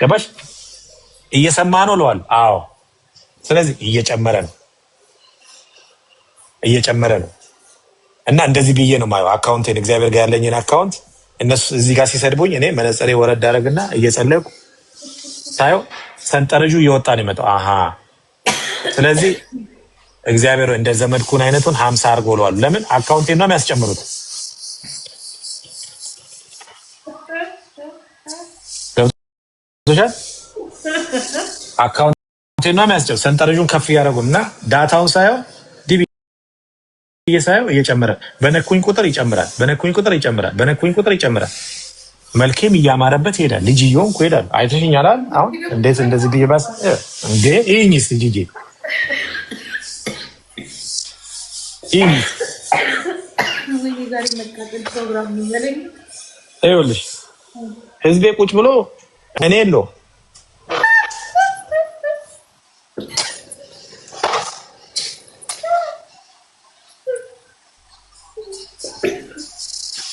ገባሽ? እየሰማ ነው ለዋል። አዎ። ስለዚህ እየጨመረ ነው እየጨመረ ነው። እና እንደዚህ ብዬ ነው የማየው አካውንቴን፣ እግዚአብሔር ጋር ያለኝን አካውንት። እነሱ እዚህ ጋር ሲሰድቡኝ እኔ መነጽሬ ወረድ አደረግና እየጸለኩ ሳየው ሰንጠረዡ እየወጣ ነው የመጣው። አሀ ስለዚህ እግዚአብሔር እንደ ዘመድኩን አይነቱን ሀምሳ አድርጎ ለዋሉ። ለምን አካውንቴን ነው የሚያስጨምሩት ሻል አካውንቴ ነው የሚያስጨው ሰንጠረዡን ከፍ እያደረጉ እና ዳታውን ሳየው ዲቢ እየሳየው እየጨመረ በነኩኝ ቁጥር ይጨምራል፣ በነኩኝ ቁጥር ይጨምራል፣ በነኩኝ ቁጥር ይጨምራል። መልኬም እያማረበት ይሄዳል። ልጅ እየሆንኩ ይሄዳል። አይተሽኛላል። አሁን እንዴት እንደዚህ ብዬ ባስ እንዴ ይህኝስ ልጅ ይኸውልሽ ህዝቤ ቁጭ ብሎ እኔ የለው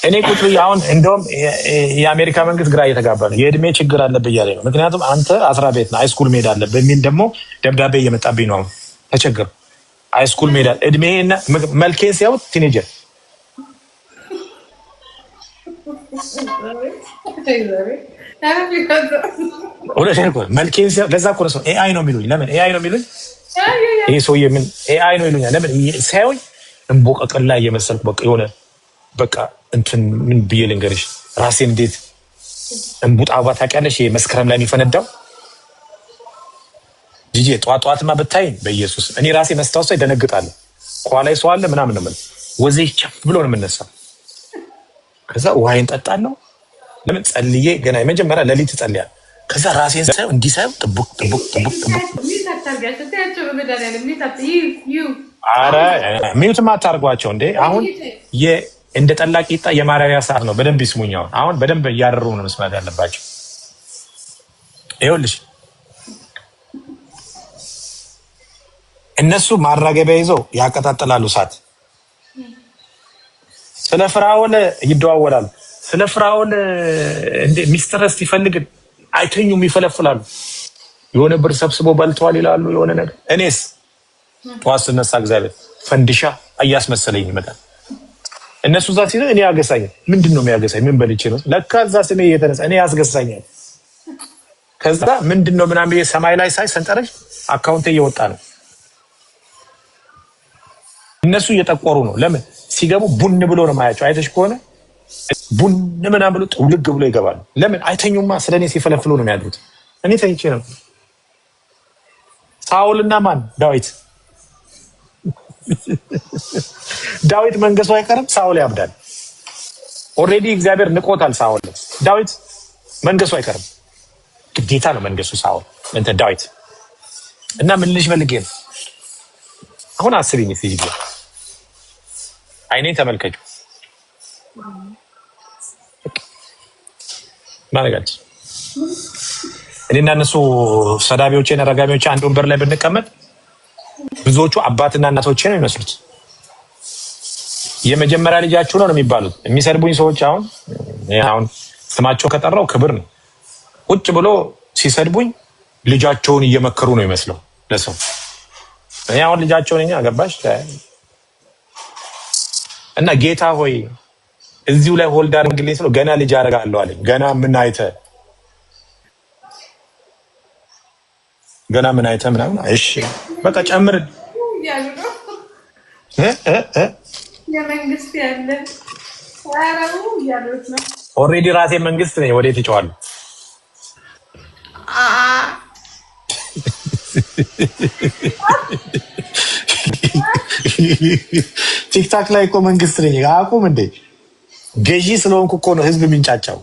እኔ ቁጥሩ ብዬ አሁን እንደውም የአሜሪካ መንግስት ግራ እየተጋባ ነው። የእድሜ ችግር አለብህ እያለ ነው። ምክንያቱም አንተ አስራ ቤት ነው ሃይስኩል መሄድ አለብህ በሚል ደግሞ ደብዳቤ እየመጣብኝ ነው። ተቸግር ሃይስኩል መሄድ አለ እድሜና መልኬ ሲያዩት ቲኔጀር መልኬን ለዛ እኮ ነው ሰው ኤአይ ነው የሚሉኝ። ለምን ኤአይ ነው የሚሉኝ? ይህ ሰውዬ ምን ኤአይ ነው ይሉኛል። ለምን ሳይሆን በቃ የሆነ በቃ እንትን ምን ብዬ ልንገርሽ፣ ራሴን እንዴት እንቡጥ አበባ ታውቂያለሽ? መስከረም ላይ የሚፈነዳው ጂጂ ጠዋት ጠዋትማ በኢየሱስ እኔ ራሴ መስታወስ ይደነግጣለሁ። ከኋላ ሰው አለ ምናምን ነው የምልህ። ወዜ ቸፍ ብሎ ነው የምነሳው። ከዛ ውሃይን ለምን ጸልዬ ገና የመጀመሪያ ሌሊት ጸልያል። ከዛ ራሴን ሳየው እንዲሳየው ጥቡቅ ጥቡቅ ጥቡቅ ጥቡቅ። ኧረ እንዴ! አሁን እንደ ጠላ ቂጣ የማረሪያ ሰዓት ነው። በደንብ ይስሙኝ። አሁን አሁን በደንብ እያደሩ ነው መስማት ያለባቸው። ይኸውልሽ እነሱ ማራገቢያ ይዘው ያቀጣጥላሉ እሳት። ስለ ፍራኦል ይደዋወላሉ። ስለ ፍራኦል ሚስትረስ ሲፈልግ አይተኙም፣ ይፈለፍላሉ። የሆነ ብር ሰብስቦ በልተዋል ይላሉ። የሆነ ነገር እኔስ ጠዋት ስነሳ እግዚአብሔር ፈንድሻ እያስመሰለኝ ይመጣል። እነሱ እዛ ሲ እኔ ያገሳኛል። ምንድን ነው የሚያገሳኝ? ምን በልቼ ነው? ለካ እዛ ስሜ እየተነሳ እኔ ያስገሳኛል። ከዛ ምንድን ነው ምናምን ሰማይ ላይ ሳይ ሰንጠረዥ አካውንቴ እየወጣ ነው። እነሱ እየጠቆሩ ነው። ለምን ሲገቡ ቡን ብሎ ነው ማያቸው። አይተሽ ከሆነ ቡን ምና ብሎ ጥውልግ ብሎ ይገባሉ። ለምን አይተኙማ? ስለ እኔ ሲፈለፍሉ ነው የሚያድሩት። እኔ ተኝቼ ነው። ሳውልና ማን ዳዊት ዳዊት መንገሱ አይቀርም። ሳውል ያብዳል። ኦሬዲ እግዚአብሔር ንቆታል። ሳውል ዳዊት መንገሱ አይቀርም። ግዴታ ነው መንገሱ ሳውል እንትን ዳዊት እና ምን ልጅ መልጌ ነው። አሁን አስብኝ፣ ሲ አይኔን ተመልከችው። እናደርጋለን። እኔና እነሱ ሰዳቢዎቼና ረጋሚዎቼ አንድ ወንበር ላይ ብንቀመጥ ብዙዎቹ አባትና እናቶቼ ነው የሚመስሉት። የመጀመሪያ ልጃችሁ ነው ነው የሚባሉት። የሚሰድቡኝ ሰዎች አሁን አሁን ስማቸው ከጠራው ክብር ነው። ቁጭ ብሎ ሲሰድቡኝ ልጃቸውን እየመከሩ ነው ይመስለው ለሰው። እኔ አሁን ልጃቸውን ገባሽ እና ጌታ ሆይ እዚሁ ላይ ሆልድ አድርግልኝ ስለው ገና ልጅ አደርጋለሁ አለኝ። ገና ምን አይተ ገና ምን አይተ ምናምን። እሺ በቃ ጨምርን። ኦልሬዲ ራሴ መንግስት ነኝ። ወዴት ይጨዋል? ቲክታክ ላይ እኮ መንግስት ነኝ። አቁም እንዴ! ገዢ ስለሆንኩ እኮ ነው ህዝብ የሚንጫጫው።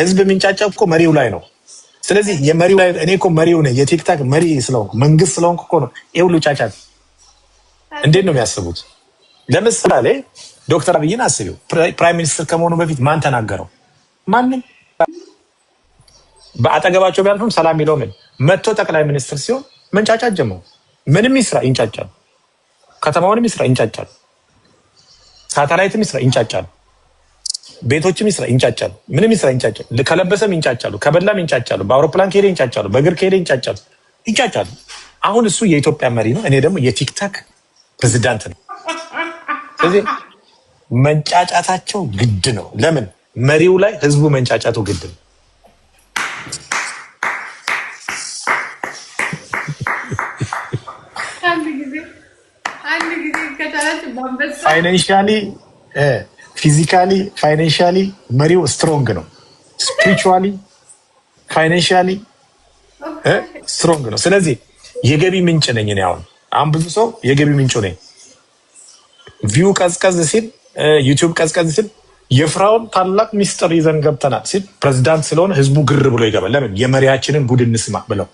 ህዝብ የሚንጫጫው እኮ መሪው ላይ ነው። ስለዚህ የመሪው ላይ እኔ እኮ መሪው ነኝ። የቲክታክ መሪ ስለሆንኩ መንግስት ስለሆንኩ እኮ ነው ይህ ሁሉ ጫጫት። እንዴት ነው የሚያስቡት? ለምሳሌ ዶክተር አብይን አስቢው። ፕራይም ሚኒስትር ከመሆኑ በፊት ማን ተናገረው? ማንም በአጠገባቸው ቢያልፍም ሰላም ይለው ምን መጥቶ ጠቅላይ ሚኒስትር ሲሆን መንጫጫት ጀመሩ። ምንም ይስራ ይንጫጫል። ከተማውንም ይስራ ይንጫጫል። ሳተላይትም ይስራ ይንጫጫል። ቤቶችም ይስራ ይንጫጫሉ፣ ምንም ይስራ ይንጫጫሉ፣ ከለበሰም ይንጫጫሉ፣ ከበላም ይንጫጫሉ፣ በአውሮፕላን ከሄደ ይንጫጫሉ፣ በእግር ከሄደ ይንጫጫሉ፣ ይንጫጫሉ። አሁን እሱ የኢትዮጵያ መሪ ነው፣ እኔ ደግሞ የቲክታክ ፕሬዚዳንት ነው። ስለዚህ መንጫጫታቸው ግድ ነው። ለምን መሪው ላይ ህዝቡ መንጫጫቱ ግድ ነው። ፋይናንሻሊ ፊዚካሊ ፋይናንሻሊ መሪው ስትሮንግ ነው። ስፒሪቹዋሊ ፋይናንሻሊ ስትሮንግ ነው። ስለዚህ የገቢ ምንጭ ነኝ እኔ። አሁን አሁን ብዙ ሰው የገቢ ምንጩ ነኝ ቪው ቀዝቀዝ ሲል ዩቲዩብ ቀዝቀዝ ሲል የፍራውን ታላቅ ሚስጥር ይዘን ገብተናል ሲል ፕሬዚዳንት ስለሆነ ህዝቡ ግር ብሎ ይገባል። ለምን የመሪያችንን ቡድን እንስማ ብለው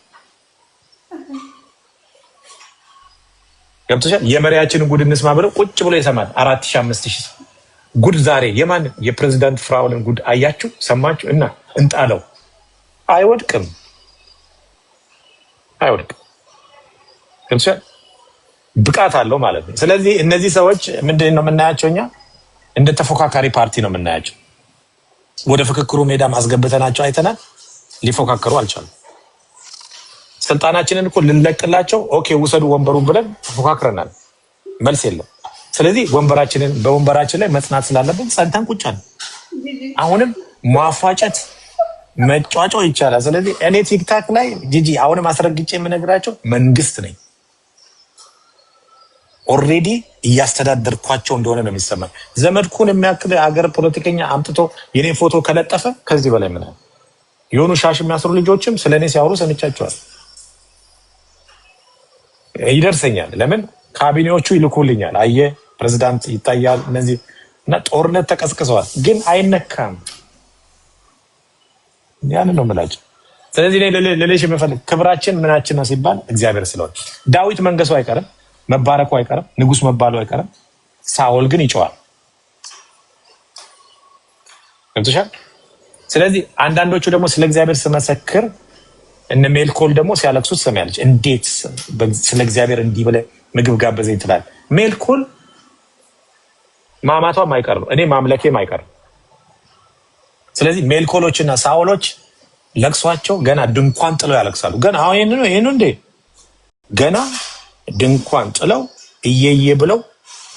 ገብቶሻል። የመሪያችንን ቡድን እንስማ ብለው ቁጭ ብሎ ይሰማል። አራት ሺህ አምስት ሺህ ጉድ ዛሬ የማን የፕሬዚዳንት ፍራውልን ጉድ አያችሁ ሰማችሁ? እና እንጣለው አይወድቅም፣ አይወድቅም ብቃት አለው ማለት ነው። ስለዚህ እነዚህ ሰዎች ምንድን ነው የምናያቸው? እኛ እንደ ተፎካካሪ ፓርቲ ነው የምናያቸው። ወደ ፍክክሩ ሜዳ ማስገብተናቸው አይተናል። ሊፎካከሩ አልቻሉም። ስልጣናችንን እኮ ልንለቅላቸው ኦኬ ውሰዱ ወንበሩን ብለን ተፎካክረናል። መልስ የለም። ስለዚህ ወንበራችንን በወንበራችን ላይ መጽናት ስላለብን ጸንተን ቁጭ ነው። አሁንም ማፏጨት መጫጫው ይቻላል። ስለዚህ እኔ ቲክታክ ላይ ጂጂ አሁንም አስረግጬ የምነግራቸው መንግስት ነኝ ኦልሬዲ እያስተዳደርኳቸው እንደሆነ ነው የሚሰማኝ። ዘመድኩን የሚያክል ሀገር ፖለቲከኛ አምጥቶ የኔ ፎቶ ከለጠፈ ከዚህ በላይ ምናምን የሆኑ ሻሽ የሚያስሩ ልጆችም ስለ እኔ ሲያወሩ ሰምቻቸዋል። ይደርሰኛል ለምን ካቢኔዎቹ ይልኩልኛል። አየ ፕሬዚዳንት ይታያል። እነዚህ እና ጦርነት ተቀስቅሰዋል፣ ግን አይነካም። ያን ነው የምላቸው። ስለዚህ ለሌሽ የምፈልግ ክብራችን ምናችን ነው ሲባል እግዚአብሔር ስለሆነ ዳዊት መንገሱ አይቀርም፣ መባረኩ አይቀርም፣ ንጉስ መባሉ አይቀርም። ሳውል ግን ይጨዋል። ገብቶሻል። ስለዚህ አንዳንዶቹ ደግሞ ስለ እግዚአብሔር ስመሰክር እነ ሜልኮል ደግሞ ሲያለቅሱት ሰማያለች። እንዴት ስለ እግዚአብሔር እንዲህ ብለህ ምግብ ጋበዘኝ ትላል። ሜልኮል ማማቷ ማይቀር ነው እኔ ማምለኬ ማይቀር ነው። ስለዚህ ሜልኮሎችና ሳውሎች ለቅሷቸው ገና ድንኳን ጥለው ያለቅሳሉ። ገና አሁን ይህን ይህኑ እንዴ ገና ድንኳን ጥለው እየየ ብለው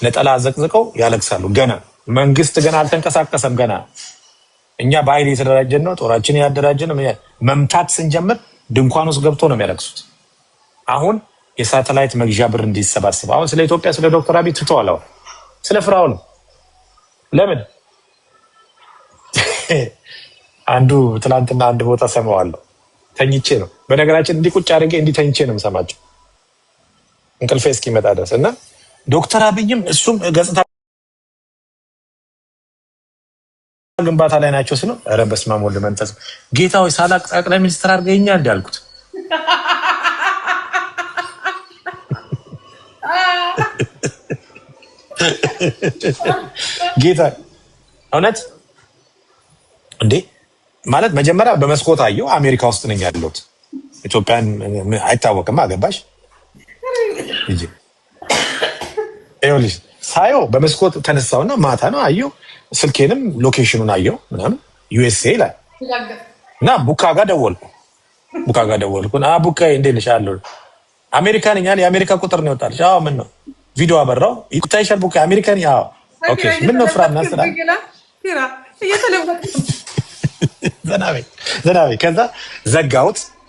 ነጠላ ዘቅዝቀው ያለቅሳሉ። ገና መንግስት ገና አልተንቀሳቀሰም። ገና እኛ በኃይል የተደራጀን ነው፣ ጦራችን ያደራጀን መምታት ስንጀምር ድንኳን ውስጥ ገብቶ ነው የሚያለቅሱት አሁን የሳተላይት መግዣ ብር እንዲሰባስብ አሁን ስለ ኢትዮጵያ ስለ ዶክተር አብይ ትተዋል። ስለ ፍራው ነው። ለምን አንዱ ትናንትና አንድ ቦታ ሰማዋለሁ። ተኝቼ ነው በነገራችን እንዲህ ቁጭ አድርጌ እንዲህ ተኝቼ ነው የምሰማቸው እንቅልፌ እስኪመጣ ድረስ እና ዶክተር አብይም እሱም ገጽታ ግንባታ ላይ ናቸው ስለው ኧረ በስመ አብ መንፈስ ጌታ ሆይ ሳላቅ ጠቅላይ ሚኒስትር አድርገኸኛል እንዲህ ጌታ እውነት እንዴ ማለት መጀመሪያ በመስኮት አየሁ። አሜሪካ ውስጥ ነኝ ያለሁት። ኢትዮጵያን አይታወቅም። አገባሽ ይኸውልሽ ሳየው በመስኮት ተነሳውና ማታ ነው አየሁ። ስልኬንም ሎኬሽኑን አየው ምናምን ዩኤስኤ ላይ እና ቡካ ጋር ደወልኩ። ቡካ ጋር ደወልኩ። ቡካ እንዴት ነሽ አለ። አሜሪካ ነኝ። የአሜሪካ ቁጥር ነው ይወጣልሽ። ምን ነው ቪዲዮ አበራው ይታይሻል። ቡክ አሜሪካን ምን ነው ፍራና ስራ ዘና በይ ከዛ